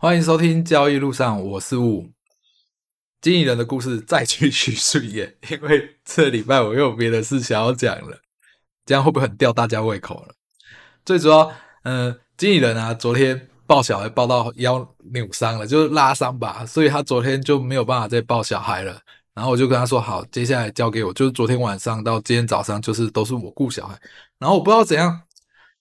歡迎收聽交易路上，我是吳，經理人的故事，再繼續順延，因為這禮拜我又有別的事想要講了，這樣會不會很吊大家胃口了？最主要，嗯、呃，經理人啊，昨天抱小孩抱到腰扭傷了，就是拉傷吧，所以他昨天就沒有辦法再抱小孩了。然後我就跟他說，好，接下來交給我，就是昨天晚上到今天早上，就是都是我顧小孩。然後我不知道怎樣。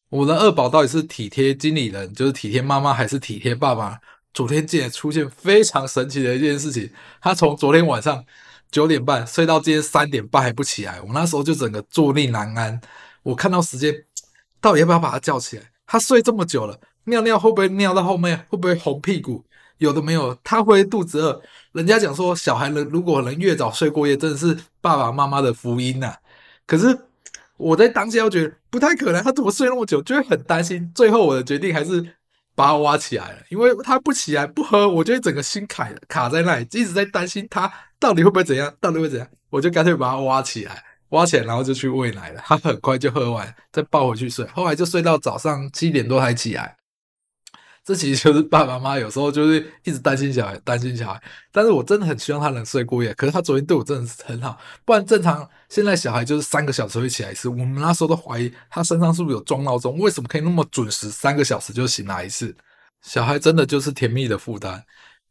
我的二寶到底是體貼經理人，就是體貼媽媽還是體貼爸爸？昨天竟然出現非常神奇的一件事情，他從昨天晚上九點半睡到今天三點半還不起來。我那時候就整個坐立難安，我看到時間，到底要不要把他叫起來？他睡這麼久了，尿尿會不會尿到後面？會不會紅屁股？有的沒有？他會肚子餓？人家講說小孩能如果能越早睡過夜，真的是爸爸媽媽的福音吶、啊。可是。我在當下我覺得不太可能，他怎麼睡那麼久？就會很擔心。最後我的決定還是把他挖起來了，因為他不起來不喝，我就會整個心卡卡在那裡，一直在擔心他到底會不會怎樣，到底會怎樣？我就乾脆把他挖起來，挖起來，然後就去喂奶了。他很快就喝完，再抱回去睡。後來就睡到早上七點多才起來。這其實就是爸爸媽媽有時候就是一直擔心小孩，擔心小孩。但是我真的很希望他能睡過夜。可是他昨天對我真的是很好，不然正常現在小孩就是三個小時會起來一次。我們那時候都懷疑他身上是不是有裝鬧鐘，為什麼可以那麼準時三個小時就醒來一次？小孩真的就是甜蜜的負擔。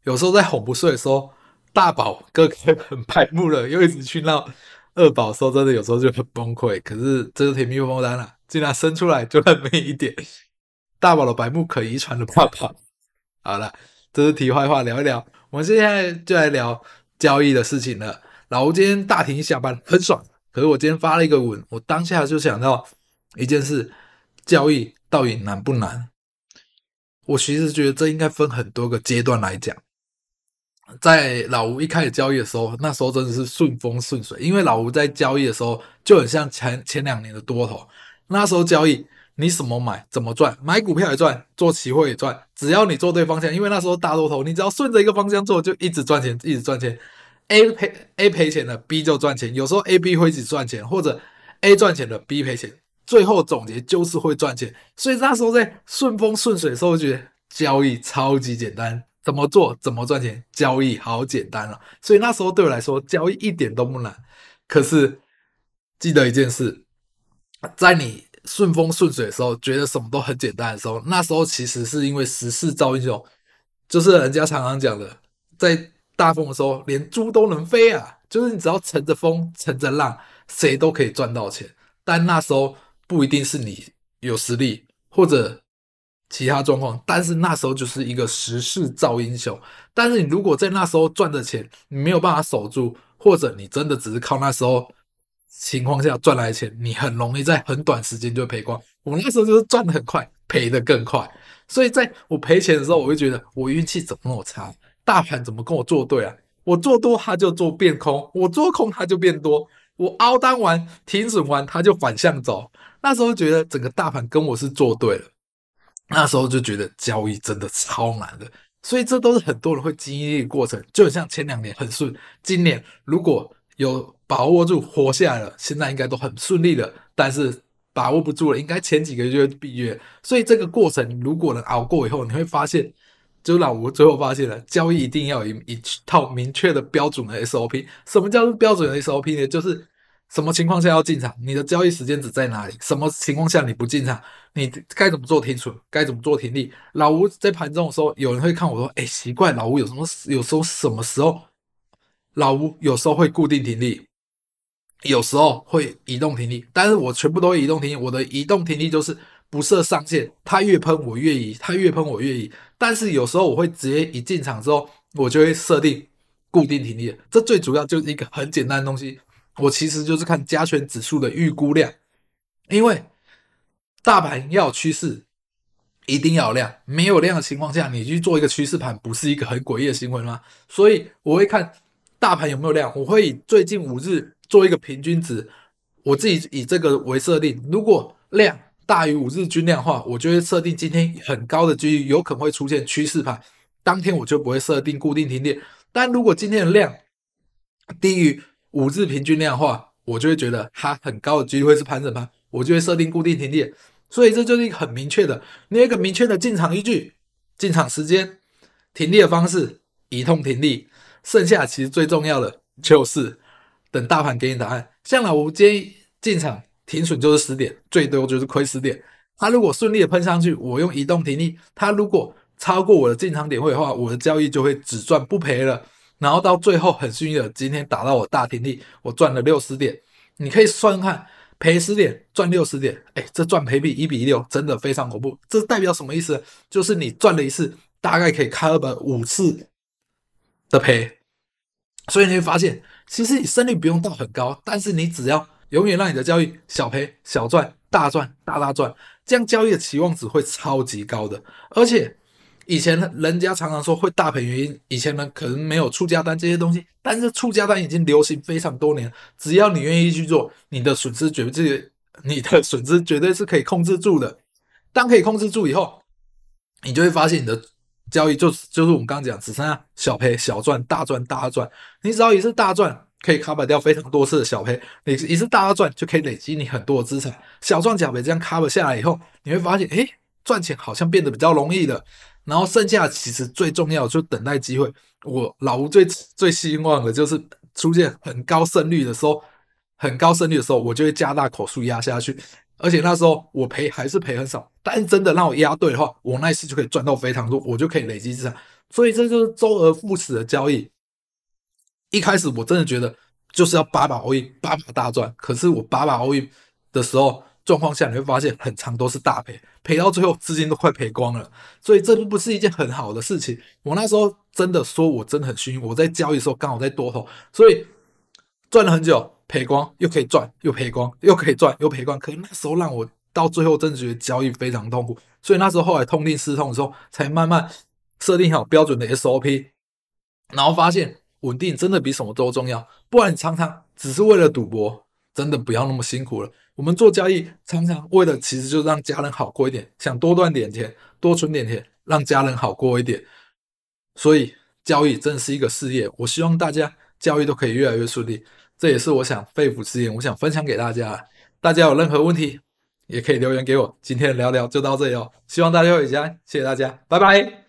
有時候在哄不睡的時候，大寶哥哥很排慕了，又一直去鬧。二寶說真的有時候就很崩潰。可是這個甜蜜的負擔啊，竟然生出來就那麼一點。大把的白目，可遺傳的泡泡，好了，這是題外話，聊一聊。我們現在就來聊交易的事情了。老吳今天大停下班，很爽。可是我今天發了一個文，我當下就想到一件事：交易到底難不難？我其實覺得這應該分很多個階段來講。在老吳一開始交易的時候，那時候真的是順風順水，因為老吳在交易的時候就很像前前兩年的多頭，那時候交易。你什麼買怎麼賺？買股票也賺，做期貨也賺，只要你做對方向。因為那時候大多頭，你只要順着一個方向做，就一直賺錢，一直賺錢。A 賠 A 賠錢了 B 就賺錢。有時候 A B 會一起賺錢，或者 A 賺錢了 B 賠錢。最後總結就是會賺錢。所以那時候在順風順水的時候，覺得交易超級簡單，怎麼做怎麼賺錢，交易好簡單啊，所以那時候對我來說，交易一點都不難。可是記得一件事，在你。順風順水的時候，覺得什麼都很簡單的時候，那時候其實是因為時勢造英雄，就是人家常常講的，在大風的時候連豬都能飛啊，就是你只要乘着風、乘着浪，誰都可以賺到錢。但那時候不一定是你有實力或者其他狀況，但是那時候就是一個時勢造英雄。但是你如果在那時候賺的錢，你沒有辦法守住，或者你真的只是靠那時候。情況下賺來的錢，你很容易在很短時間就賠光。我那時候就是賺得很快，賠得更快。所以在我賠錢的時候，我會覺得我運氣怎麼那麼差，大盤怎麼跟我作對啊？我做多它就做變空，我做空它就變多，我凹單完停損完它就反向走。那時候覺得整個大盤跟我是做對了。那時候就覺得交易真的超難的。所以這都是很多人會經歷的過程，就很像前兩年很順，今年如果。有把握住活下來了，現在應該都很順利了。但是把握不住了，應該前幾個月就會畢業。所以這個過程如果能熬過以後，你會發現，就老吳最後發現了，交易一定要有一一套明確的標準的 SOP。什麼叫做標準的 SOP 呢？就是什麼情況下要進場，你的交易時間點在哪裡，什麼情況下你不進場，你該怎麼做停損，該怎麼做停利。老吳在盤中的時候，有人會看我說，哎，奇怪，老吳有什麼，有時候什麼時候？老吳有時候會固定停利，有時候會移動停利，但是我全部都會移動停利。我的移動停利就是不設上限，它越噴我越移，它越噴我越移。但是有時候我會直接一進場之後，我就會設定固定停利。這最主要就是一個很簡單的東西，我其實就是看加權指數的預估量，因為大盤要有趨勢，一定要有量，沒有量的情況下，你去做一個趨勢盤，不是一個很詭異的行為嗎？所以我會看。大盤有沒有量？我會以最近五日做一個平均值，我自己以這個為設定。如果量大於五日均量的話，我就會設定今天很高的幾率有可能會出現趨勢盤，當天我就不會設定固定停跌。但如果今天的量低於五日平均量的話，我就會覺得它很高的機會是盤整盤，我就會設定固定停跌。所以這就是一個很明確的，你有一個明確的進場依據、進場時間、停跌的方式，移動停跌。剩下其實最重要的就是等大盤給你答案。像老吳建議進場停損就是十點，最多就是虧十點。他如果順利的噴上去，我用移動停利。他如果超過我的進場點位的話，我的交易就會只賺不賠了。然後到最後很幸運的今天打到我大停利，我賺了六十點。你可以算看，賠十點賺六十點，哎，這賺賠比一比六，真的非常恐怖。這代表什麼意思？就是你賺了一次，大概可以虧本五次，的賠，所以你會發現，其實你勝率不用到很高，但是你只要永遠讓你的交易小賠小賺，小賺大賺大大賺，這樣交易的期望值會超級高的。而且以前人家常常說會大賠，原因以前呢可能沒有觸價單這些東西，但是觸價單已經流行非常多年，只要你願意去做，你的損失絕對，你的損失絕對是可以控制住的。當可以控制住以後，你就會發現你的。交易就就是我們剛剛講，只剩下小賠小賺大賺大賺。你只要一次大賺，可以卡 o 掉非常多次的小賠。你一次大賺就可以累積你很多的資產。小賺小賠這樣卡 o 下來以後，你會發現，哎、欸，賺錢好像變得比較容易了。然後剩下的其實最重要就是等待機會。我老吳最最希望的就是出現很高勝率的時候，很高勝率的時候，我就會加大口數壓下去。而且那時候我賠還是賠很少，但是真的讓我押對的話，我那一次就可以賺到非常多，我就可以累積資產。所以這就是周而復始的交易。一開始我真的覺得就是要把把歐印，把把大賺，可是我把把歐印的時候狀況下你會發現很長都是大賠，賠到最後資金都快賠光了，所以這並不是一件很好的事情。我那時候真的說我真的很幸運，我在交易的時候剛好在多頭，所以賺了很久。賠光又可以賺，又賠光又可以賺，又賠光。可是那時候讓我到最後真的覺得交易非常痛苦，所以那時候後來痛定思痛的時候，才慢慢設定好標準的 SOP，然後發現穩定真的比什麼都重要。不然你常常只是為了賭博，真的不要那麼辛苦了。我們做交易常常為了其實就讓家人好過一點，想多賺點錢，多存點錢，讓家人好過一點。所以交易真的是一個事業，我希望大家交易都可以越來越順利。這也是我想肺腑之言，我想分享給大家。大家有任何問題，也可以留言給我。今天的聊聊就到這裡哦，希望大家會喜歡，謝謝大家，拜拜。